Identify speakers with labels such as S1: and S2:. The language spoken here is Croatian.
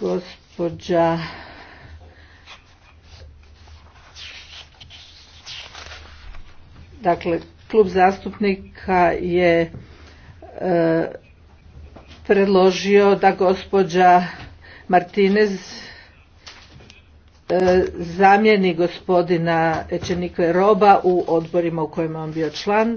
S1: Gospođa Dakle, klub zastupnika je e, predložio da gospođa Martinez e, zamijeni gospodina Ečenikve Roba u odborima u kojima on bio član.